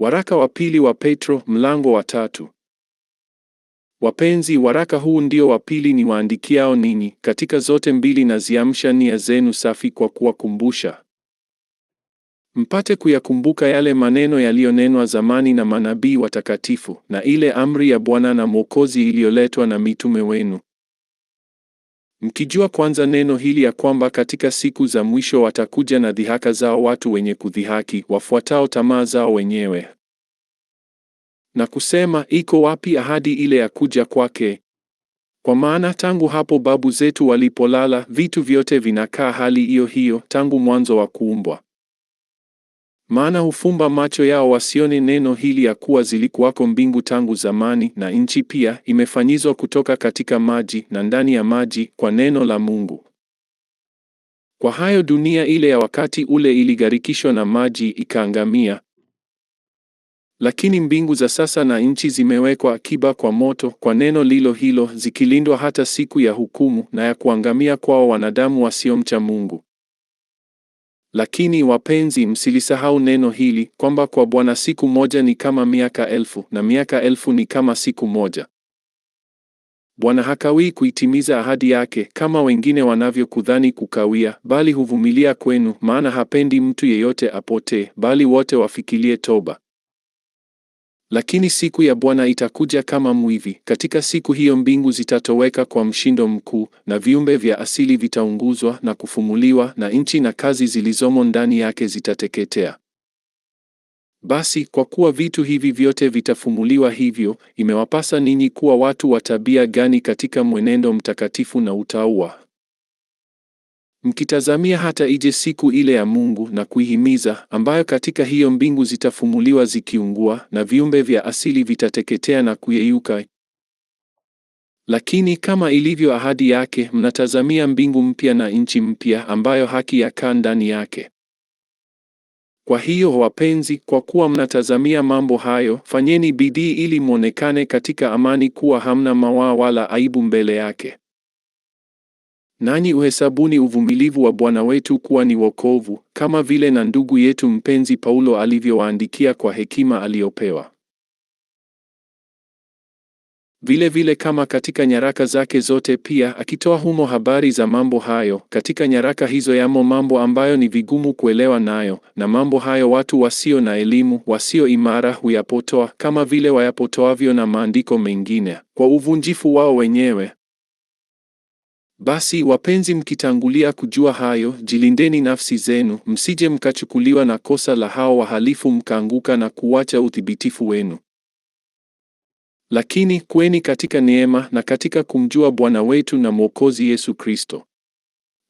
Waraka wa pili wa Petro mlango wa tatu. Wapenzi, waraka huu ndio wa pili ni waandikiao ninyi, katika zote mbili naziamsha nia zenu safi kwa kuwakumbusha, mpate kuyakumbuka yale maneno yaliyonenwa zamani na manabii watakatifu, na ile amri ya Bwana na Mwokozi iliyoletwa na mitume wenu mkijua kwanza neno hili ya kwamba katika siku za mwisho watakuja na dhihaka zao watu wenye kudhihaki, wafuatao tamaa zao wenyewe, na kusema, iko wapi ahadi ile ya kuja kwake? Kwa maana tangu hapo babu zetu walipolala, vitu vyote vinakaa hali hiyo hiyo tangu mwanzo wa kuumbwa. Maana hufumba macho yao wasione neno hili ya kuwa zilikuwako mbingu tangu zamani, na nchi pia imefanyizwa kutoka katika maji na ndani ya maji, kwa neno la Mungu. Kwa hayo dunia ile ya wakati ule iligarikishwa na maji ikaangamia. Lakini mbingu za sasa na nchi zimewekwa akiba kwa moto, kwa neno lilo hilo, zikilindwa hata siku ya hukumu na ya kuangamia kwao wanadamu wasiomcha Mungu. Lakini wapenzi, msilisahau neno hili kwamba kwa Bwana siku moja ni kama miaka elfu na miaka elfu ni kama siku moja. Bwana hakawii kuitimiza ahadi yake kama wengine wanavyokudhani kukawia, bali huvumilia kwenu, maana hapendi mtu yeyote apotee, bali wote wafikilie toba. Lakini siku ya Bwana itakuja kama mwivi. Katika siku hiyo mbingu zitatoweka kwa mshindo mkuu, na viumbe vya asili vitaunguzwa na kufumuliwa, na nchi na kazi zilizomo ndani yake zitateketea. Basi kwa kuwa vitu hivi vyote vitafumuliwa, hivyo imewapasa ninyi kuwa watu wa tabia gani katika mwenendo mtakatifu na utaua mkitazamia hata ije siku ile ya Mungu na kuihimiza, ambayo katika hiyo mbingu zitafumuliwa zikiungua na viumbe vya asili vitateketea na kuyeyuka. Lakini kama ilivyo ahadi yake, mnatazamia mbingu mpya na nchi mpya, ambayo haki yakaa ndani yake. Kwa hiyo wapenzi, kwa kuwa mnatazamia mambo hayo, fanyeni bidii ili mwonekane katika amani kuwa hamna mawaa wala aibu mbele yake. Nanyi uhesabuni uvumilivu wa Bwana wetu kuwa ni wokovu, kama vile na ndugu yetu mpenzi Paulo alivyowaandikia kwa hekima aliyopewa. Vile vile kama katika nyaraka zake zote pia akitoa humo habari za mambo hayo, katika nyaraka hizo yamo mambo ambayo ni vigumu kuelewa nayo, na mambo hayo watu wasio na elimu, wasio imara huyapotoa, kama vile wayapotoavyo na maandiko mengine, kwa uvunjifu wao wenyewe, basi wapenzi, mkitangulia kujua hayo, jilindeni nafsi zenu, msije mkachukuliwa na kosa la hao wahalifu mkaanguka na kuwacha uthibitifu wenu. Lakini kweni katika neema na katika kumjua Bwana wetu na Mwokozi Yesu Kristo.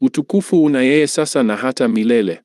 Utukufu una yeye sasa na hata milele.